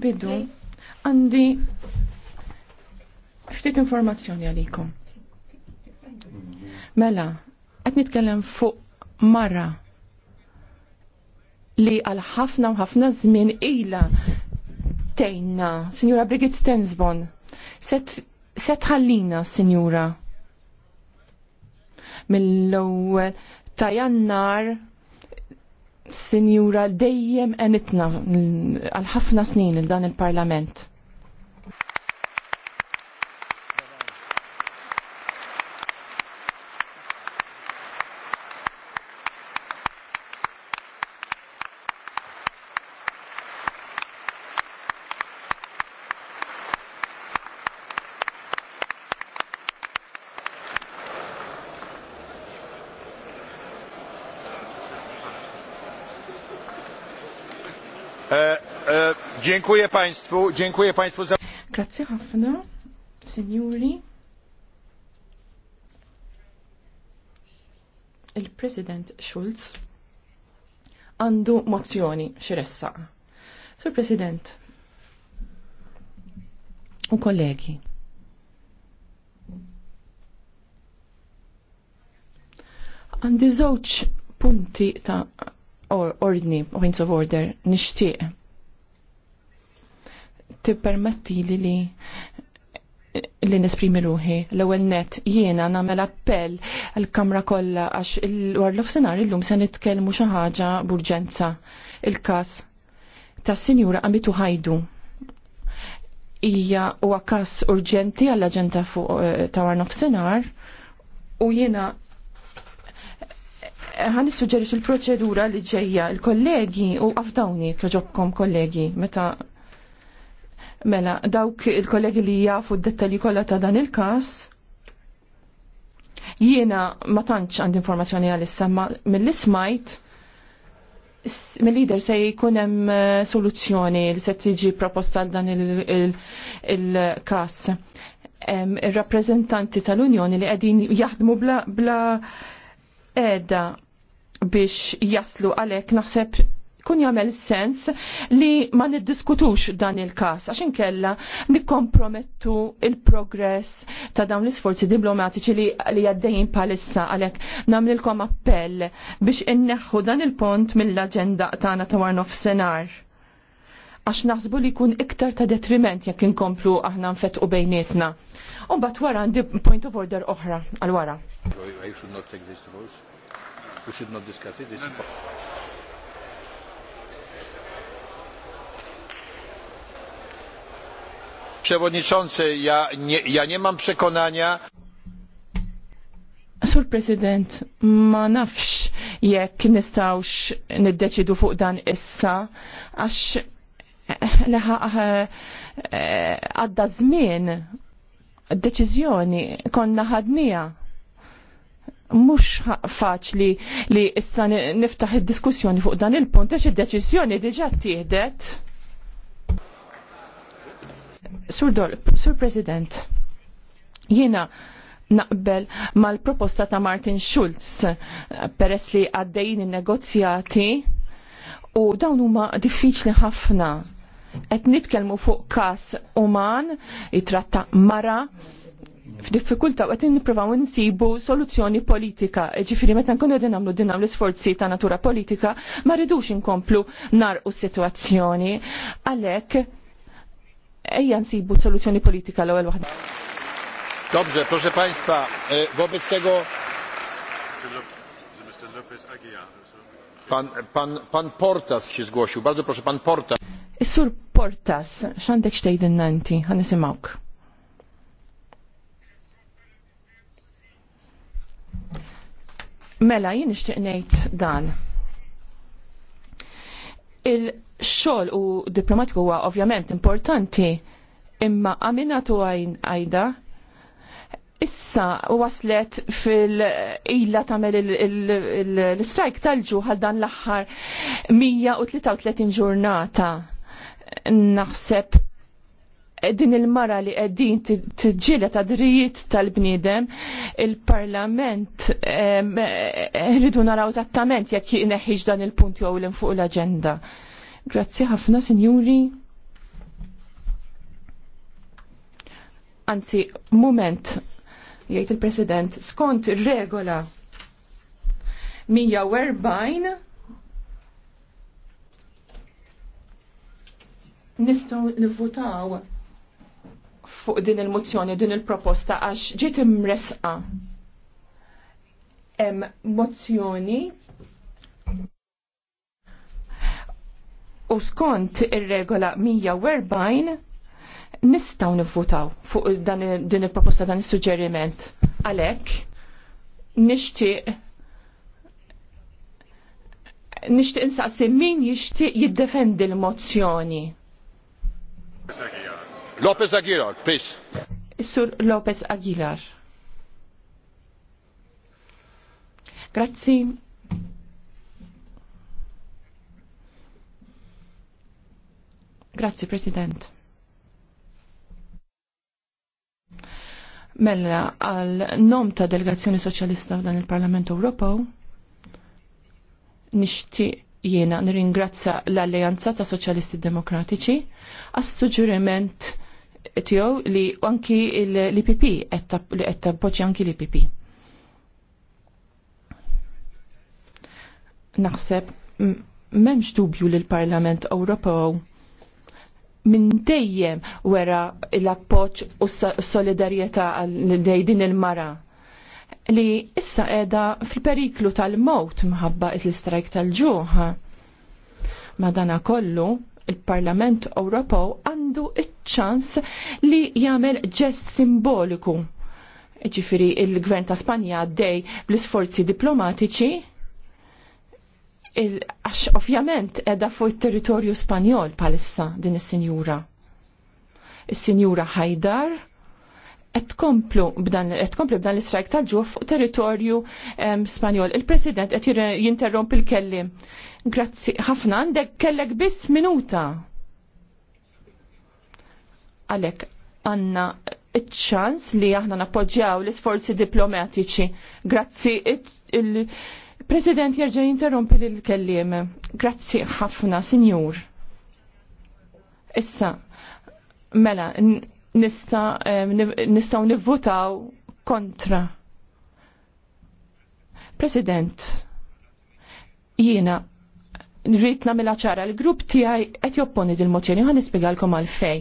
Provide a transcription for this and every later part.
Bidu, għandi ftit informazzjoni għalikom. Mela, qed nitkellem fuq mara li għal ħafna u ħafna żmien ila tejna, Signora Brigitte Stensbon. Set, set ħallina, Sinjura. mill ewel ta' jannar Sinjura dejjem enitna għal ħafna snin il-dan il-parlament. Dziękuję Państwu, dziękuję Państwu za... Grazie ħafna, signori. Il-President Schulz għandu mozzjoni xiressa. Sur President, u kollegi, għandi żewġ punti ta' ordni, points of order, nixtieq tippermetti li li li nesprimi ruħi. L-ewwel net jiena nagħmel appell għall kamra kollha għax il-war l-ofsenar illum se nitkellmu xi ħaġa b'urġenza. Il-każ tas-Sinjura Amitu Ħajdu hija huwa każ urġenti għall aġenda fuq eh, ta' war nofsinhar u jiena eh, ħan nissuġġerix il-proċedura li ġejja il-kollegi u għafdawni kloġobkom kollegi meta Mela, dawk il-kollegi li jafu d-dettali kollha ta' dan il-każ, jiena ma tantx għand informazzjoni għal-issa, ma mill-ismajt, mill-lider se jkun hemm eh, soluzzjoni li se tiġi proposta għal dan il-każ. Ir-rappreżentanti tal-Unjoni li qegħdin jaħdmu bla bla qiegħda biex jaslu għalhekk naħseb kun jagħmel sens li ma niddiskutux dan il-każ għax inkella nikkompromettu il-progress ta' dawn l-isforzi diplomatiċi li li għaddejjin palissa għalhekk nagħmlilkom appell biex inneħħu dan il-pont mill-aġenda tagħna ta' warnof senar. Għax naħsbu li jkun iktar ta' detriment jekk inkomplu aħna nfetqu bejnietna. U bat wara għandi point of order oħra għal wara. We should not discuss it. This is Przewodniczący, ja nie, ja nie mam przekonania. Sur President, ma nafx jekk nistawx niddeċidu fuq dan issa, għax eh, leħa eh, eh, għadda żmien deċiżjoni konna ħadnija. Mhux faċli li issa niftaħ id-diskussjoni fuq dan il-punt, għax id-deċiżjoni diġà tieħdet. Sur Dol, Sur President, jiena naqbel mal-proposta ta' Martin Schulz eh, peress li għaddejn il negozjati u dawn huma diffiċli ħafna. Qed nitkellmu fuq każ uman jitratta mara f'diffikulta għet nippruvaw nsibu soluzzjoni politika. Ġifiri, meta nkunu din għamlu din għamlu sforzi ta' natura politika, ma rridux inkomplu nar u situazzjoni. Għalek, ejja nsibu soluzzjoni politika l-ewwel waħda. Dobrze, proszę Państwa, e, wobec tego pan, pan, pan Portas się zgłosił. Bardzo proszę, pan Portas. Sur Portas, szandek xtejden nanti, għanisimawk. Mela, jien nixtieq dan. Il- xogħol u diplomatiku huwa ovvjament importanti, imma għaminatu għajn għajda issa waslet fil-ila tamel l-strajk tal-ġu għal dan l-axħar 133 ġurnata. Naħseb din il-mara li għeddin t-ġile ta' drijiet tal-bnidem, il-parlament eh, rridu naraw zattament jekk jineħħiġ dan il-punt jew l-infuq l-agenda. Grazzi ħafna, Signori. Anzi, moment, jgħid il-President, skont regola 140 nistgħu nivvutaw fuq din il-mozzjoni, din il-proposta għax ġiet imresqa. Hemm mozzjoni u skont ir-regola 140 nistaw nivvutaw fuq dan din il-proposta dan is-suġġeriment. Għalhekk nixtieq nixtieq insaqsi min jixtieq jiddefendi l-mozzjoni. Lopez Aguilar, please. Sur Lopez Aguilar. Grazzi. Grazzi, President. Mella, għal nom ta' delegazzjoni soċjalista dan il-Parlament Ewropew, nixtieq jiena nirringrazza l-Alleanza ta' Soċjalisti Demokratiċi għas suġġuriment tiegħu li anki l-IPP qed tappoġġi anki l-IPP. Naħseb m'hemmx dubju li l-Parlament Ewropew minn dejjem wera l-appoġġ u s-solidarjetà għal din il-mara li issa edha fil-periklu tal-mot mħabba il-strajk tal-ġuħ. Madana kollu, il-Parlament Ewropew għandu iċ-ċans li jagħmel ġest simboliku. Ġifiri, il-Gvern ta' Spanja għaddej bl-isforzi diplomatiċi għax ovvjament edha fuq il-territorju Spanjol palissa din is-sinjura. Is-sinjura Hajdar qed tkomplu b'dan l-istrajk tal-ġuf fuq territorju Spanjol. Il-President qed jinterromp il-kellim. Grazzi ħafna għandek kellek biss minuta. Għalek għanna ċans li aħna nappoġġjaw l-isforzi diplomatiċi. Grazzi il- President jerġa' jinterrompi l kelliem. Grazzi ħafna, Sinjur. Issa, mela, nista nistgħu nivvutaw kontra. President, jiena rritna mela ċara l-grupp tiegħi qed jopponi dil mozzjoni ħan għal-fej.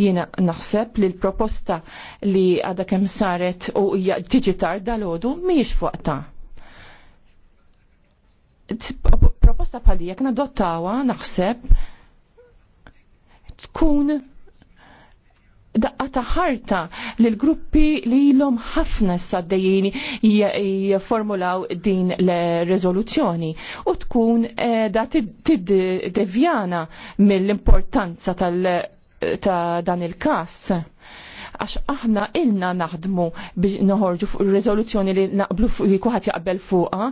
Jiena naħseb li l-proposta li għadha kemm saret u tiġi l-ħodu għodu mhijiex fuqta proposta bħalli jekk nadottawa naħseb tkun daqqa ta' ħarta lill gruppi li l-om ħafna s-saddejjini jformulaw din l-rezoluzzjoni u tkun eh, da tiddevjana mill-importanza tal- ta' dan il-kas għax aħna ilna naħdmu biex noħorġu fuq il-rezoluzzjoni li naqblu li kuħat jaqbel fuqa,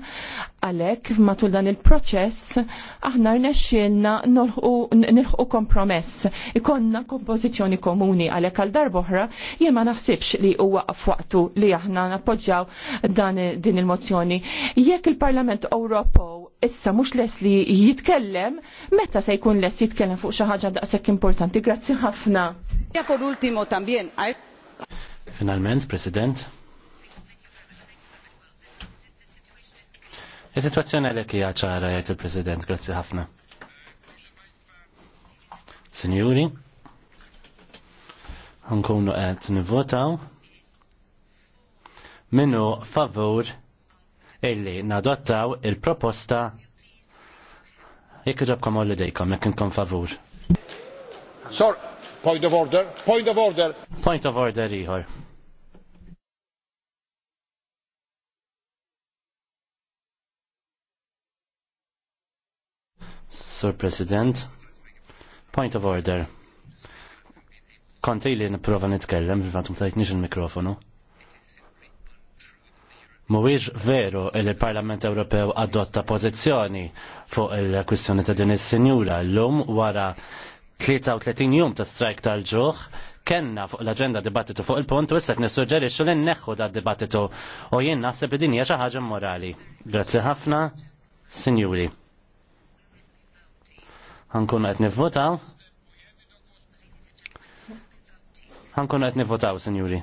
għalek matul dan il-proċess aħna rnexxilna nilħu kompromess. Ikonna kompożizzjoni komuni għalek għal darboħra jien ma naħsibx li huwa waqtu li aħna nappoġġaw dan din il-mozzjoni. Jekk il-Parlament Ewropew issa mhux les li jitkellem, meta se jkun les jitkellem fuq xi ħaġa daqshekk importanti. Grazzi ħafna. Por último, también. Finalment, President. Il-situazzjoni e għalek hija ċara jgħid il-President, grazzi ħafna. Sinjuri, nkunu qed eh, nivvotaw minnu favur illi nadottaw il-proposta jekk ġobkom għolli jekk inkom favur. Sorry. Point of order. Point of order. Point of order Ihor. Sir President, point of order. Konti li niprofa nitkellem, fil-fat il-mikrofonu. Mhuwiex veru li l parlament Ewropew adotta pożizzjoni fuq il-kwistjoni ta' din is l llum wara 33 jum ta' strajk tal-ġuħ, kenna fuq l-agenda dibattitu fuq il-punt u issa nissuġġerixxu li nneħħu da' dibattitu u jien naħseb li din hija xi ħaġa morali. Grazzi ħafna, Sinjuri. Għankun qed nivvotaw. Għankun qed nivvotaw, Sinjuri.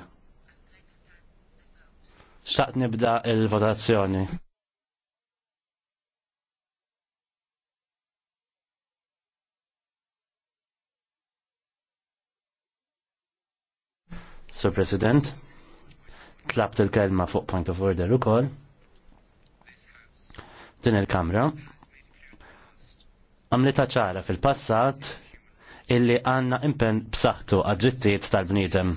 Xtaqt nibda il-votazzjoni. Sur President, tlabt il-kelma fuq point of order u kol. Din il-kamra. Għamlita ċara fil-passat illi għanna impen b'saħħtu għad-drittijiet tal-bniedem.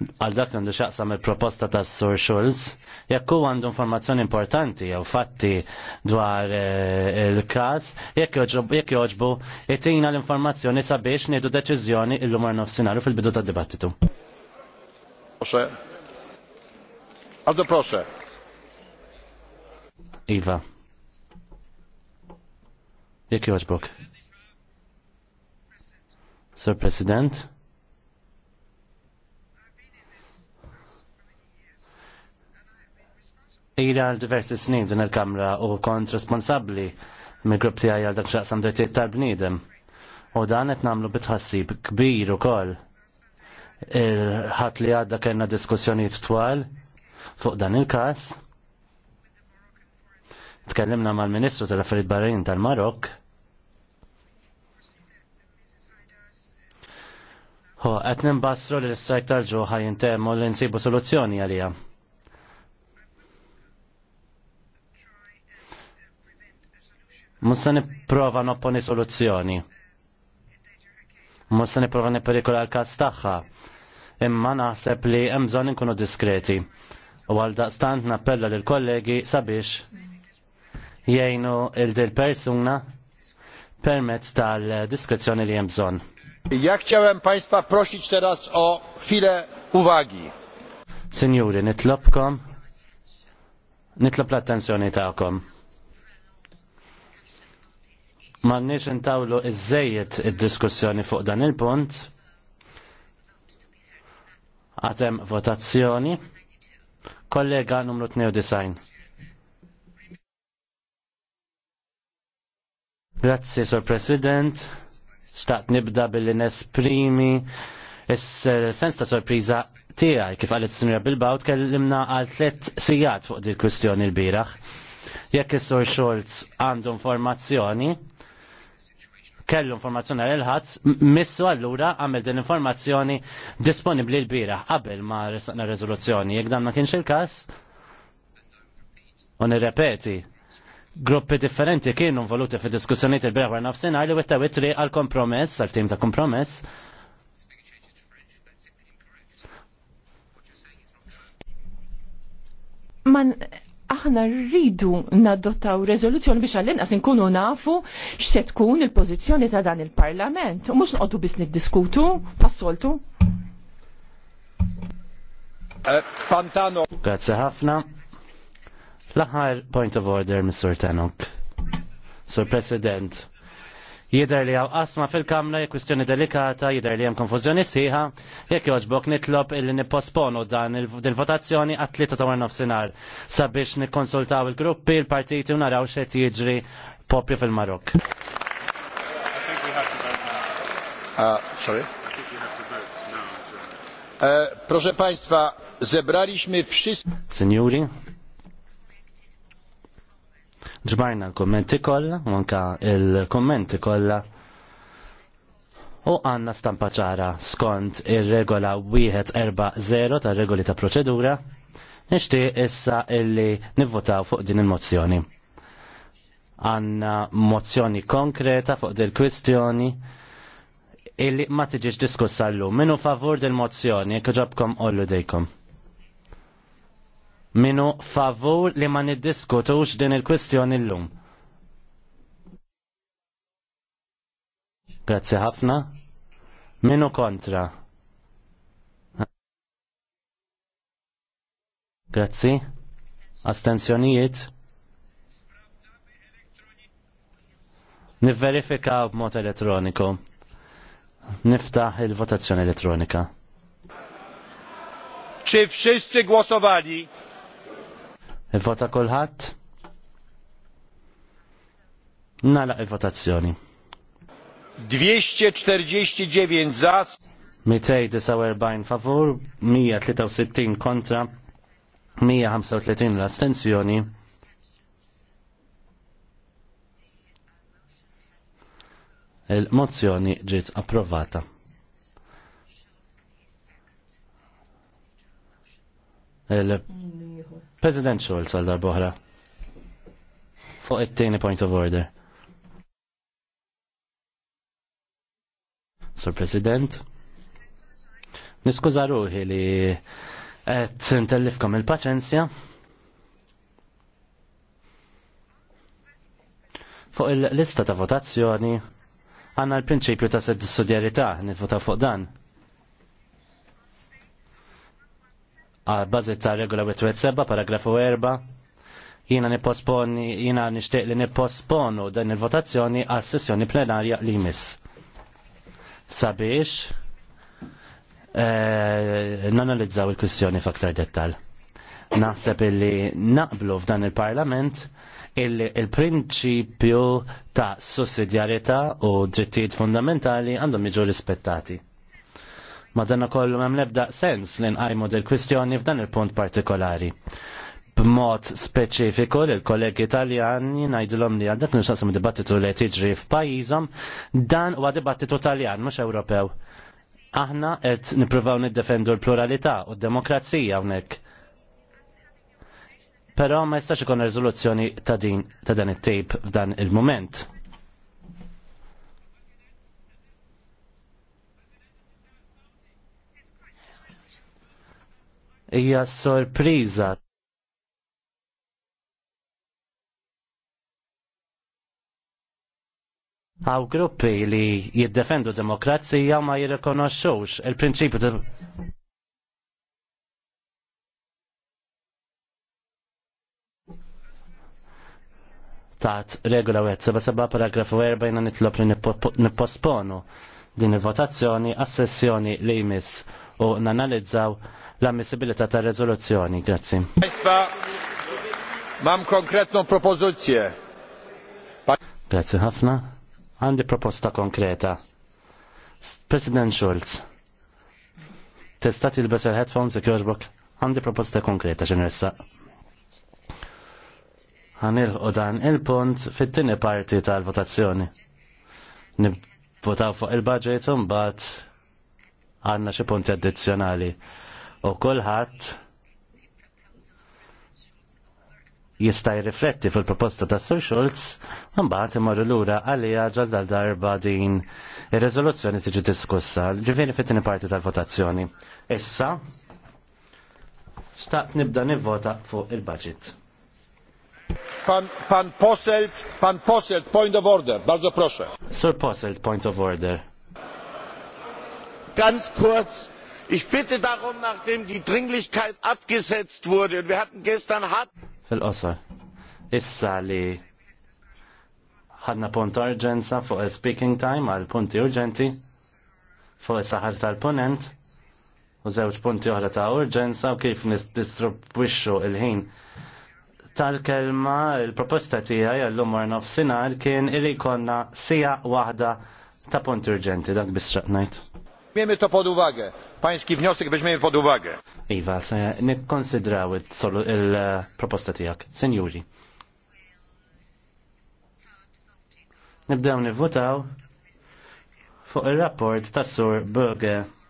Għal dak għandu xaqsam il-proposta ta' Sur Schulz, jekk huwa għandu informazzjoni importanti jew fatti dwar eh, il-każ, jekk joġbu itina l-informazzjoni sabiex nidu deċiżjoni illum għar nofsinhar fil-bidu tad-dibattitu. Proszę. Bardzo proszę. Iwa. Jaki oġbok? Sir President? Ira għal diversi snin din il-Kamra u kont responsabli mill grupp tiegħi għal dak xaqsam drittijiet tal bnidem U dan etnamlu bitħassib kbir u koll il-ħat li għadda kena t twal fuq dan il-kas. Tkellimna mal-Ministru tal-Affarijiet Barranin tal-Marok. Ho, qed nimbassru li l-istrajk tal-ġuħa jintemmu li nsibu soluzzjoni għalija. Musa nipprova nopponi soluzzjoni. Musta nipprova nipperikola l-kas tagħha imma naħseb li hemm bżonn inkunu diskreti. U għal daqstant nappella l kollegi sabiex jgħinu il-dil persuna permezz tal-diskrezzjoni li hemm bżonn. ċewem Państwa prosić teraz o chwilę uwagi. Signori, nitlobkom, nitlob l-attenzjoni ta'kom. Ma nix intawlu iż id-diskussjoni fuq dan il-punt, Għatem votazzjoni. Kollega numru 92. Grazzi, Sir President. Staqt nibda billi nesprimi. Is-sens ta' sorpriża tiegħi kif qalet Sinjora Bilbaw tkellimna għal tliet sigħat fuq dil kwistjoni l-bieraħ. Jekk is-Sur Scholz għandu informazzjoni, kellu informazzjoni għal il-ħadd missu allura għamel din informazzjoni disponibbli l-bira qabel ma resaqna rezoluzzjoni. Jekk dan ma kienx il-każ, u nirrepeti, gruppi differenti kienu involuti fi diskussjonijiet il-bira war nafsinhar li wittaw itri għal kompromess, għal tim ta' kompromess, man aħna rridu nadottaw rezoluzzjoni biex għallin inqas inkunu nafu x'se tkun il-pożizzjoni ta' dan il-Parlament. U mhux noqogħdu biex niddiskutu passoltu. Eh, Pantano. Grazie ħafna. L-aħħar point of order, Mr. Tanok. Sur President, Jider li għaw qasma fil-kamra jek kwistjoni delikata, jider li hemm konfuzjoni siħa, jek joġbok nitlob illi nipposponu dan il-votazzjoni għat-tlieta ta' nofsinar sabiex nikkonsultaw il-gruppi, il-partiti u naraw xet jiġri popju fil-Marok. E, proszę Państwa, zebraliśmy wszystkich... Seniori, Ġbajna l-kommenti kollha, unka anka il-kommenti kollha. U għanna stampa ċara skont ir-regola 140 ta' regoli ta' proċedura, nixtieq issa illi nivvotaw fuq din il-mozzjoni. Għanna mozzjoni konkreta fuq din il-kwistjoni illi ma tiġiġ diskussa l-lum. Minu favur din mozzjoni kħġabkom ollu dejkom minu favur li ma niddiskutux din il-kwistjoni l-lum. Grazzi ħafna. Minu kontra. Grazzi. Astenzjonijiet. b b'mod elettroniku. Niftaħ il-votazzjoni elettronika. Czy wszyscy głosowali? Il-vota kolħat? Nala il-votazzjoni. 249 zas. 249 favur, 163 kontra, 135 l-astenzjoni. Il-mozzjoni ġiet approvata. il President Schulz għal darbohra. Fuq it-tieni point of order. Sur President. Niskuża ruħi li qed intellifkom il-paċenzja. Fuq il-lista ta' votazzjoni għanna l-prinċipju ta' sussidjarità nifvota fuq dan. għal bazit ta' regola 27 paragrafu 4 jiena nipposponi jina nixtieq li nipposponu dan il-votazzjoni għal sessjoni plenarja li jmiss. Sabiex eh, nanalizzaw il-kwistjoni f'aktar dettal. Naħseb illi naqblu f'dan il-Parlament il-prinċipju ta' sussidjarjetà u drittijiet fundamentali għandhom jiġu rispettati. Ma dan kollu hemm nebda sens li nqajmu dil kwistjoni f'dan il-punt partikolari. B'mod speċifiku l kollegi Taljani ngħidilhom li għandek nixaqsam dibattitu li tiġri f'pajjiżhom dan huwa dibattitu Taljan mhux Ewropew. Aħna qed nippruvaw niddefendu l-pluralità u d-demokrazija hawnhekk. Però ma jistax ikun riżoluzzjoni ta' din ta' dan it tip f'dan il-moment. hija sorpriża għaw gruppi li jiddefendu demokrazija ma jirrikonoxxux il-prinċipju ta' taħt regola għedza, seba seba paragrafu 4 nitlob li nipposponu din il-votazzjoni għas-sessjoni li jmiss u nanalizzaw l-ammissibilità ta' rezoluzzjoni. Grazzi. Mam konkretną propozycję. Grazzi ħafna. Għandi proposta konkreta. President Schulz, tista' il il-headphones jekk jogħġbok? Għandi proposta konkreta x'inressa. u dan il-punt fit-tieni parti tal-votazzjoni. Nibvotaw fuq il-budget un bat għanna xi punti addizzjonali. U kulħadd jista' jirrifletti fil-proposta ta' Sur Schultz, mbagħad imorru lura għalija ġaldal darba din ir-riżoluzzjoni tiġi diskussa, ġifieri fit-tieni parti tal-votazzjoni. Issa, xtaqt nibda nivvota fuq il-budget. Pan, pan Poselt, pan Poselt, point of order, bardzo proszę. Sir Poselt, point of order ganz kurz ich bitte darum nachdem die Dringlichkeit abgesetzt wurde wir hatten gestern hart fil-qosor issa li ħadna punt urġenza fuq il-speaking time għal punti urġenti fuq is-saħar tal-ponent u żewġ punti oħra ta' urġenza u kif nistrubwixxu il-ħin tal-kelma il-proposta tiegħi għallum war nofsinhar kien illi jkollna sija waħda ta' punti urġenti dak bis xaqnajt miejmy to pod uwagę. Pański wniosek weźmiemy pod uwagę. Iva, se nikkonsidraw il-proposta e, tijak. Senjuri. Nibdew nivvotaw fuq il-rapport tas-sur Burger